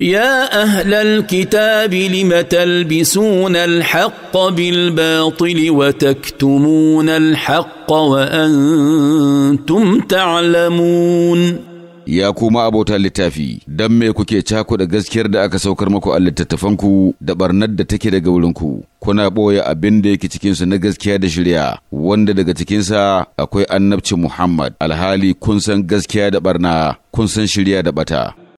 يا اهل الكتاب لم تلبسون الحق بالباطل وتكتمون الحق وانتم تعلمون ya kuma abota littafi don me kuke cako da gaskiyar da aka saukar muku a littattafanku da ɓarnar da take daga wurinku kuna ɓoye abin da yake cikinsu na gaskiya da shirya wanda daga cikinsa akwai annabci muhammad alhali kun san gaskiya da barna kun san shirya da ɓata.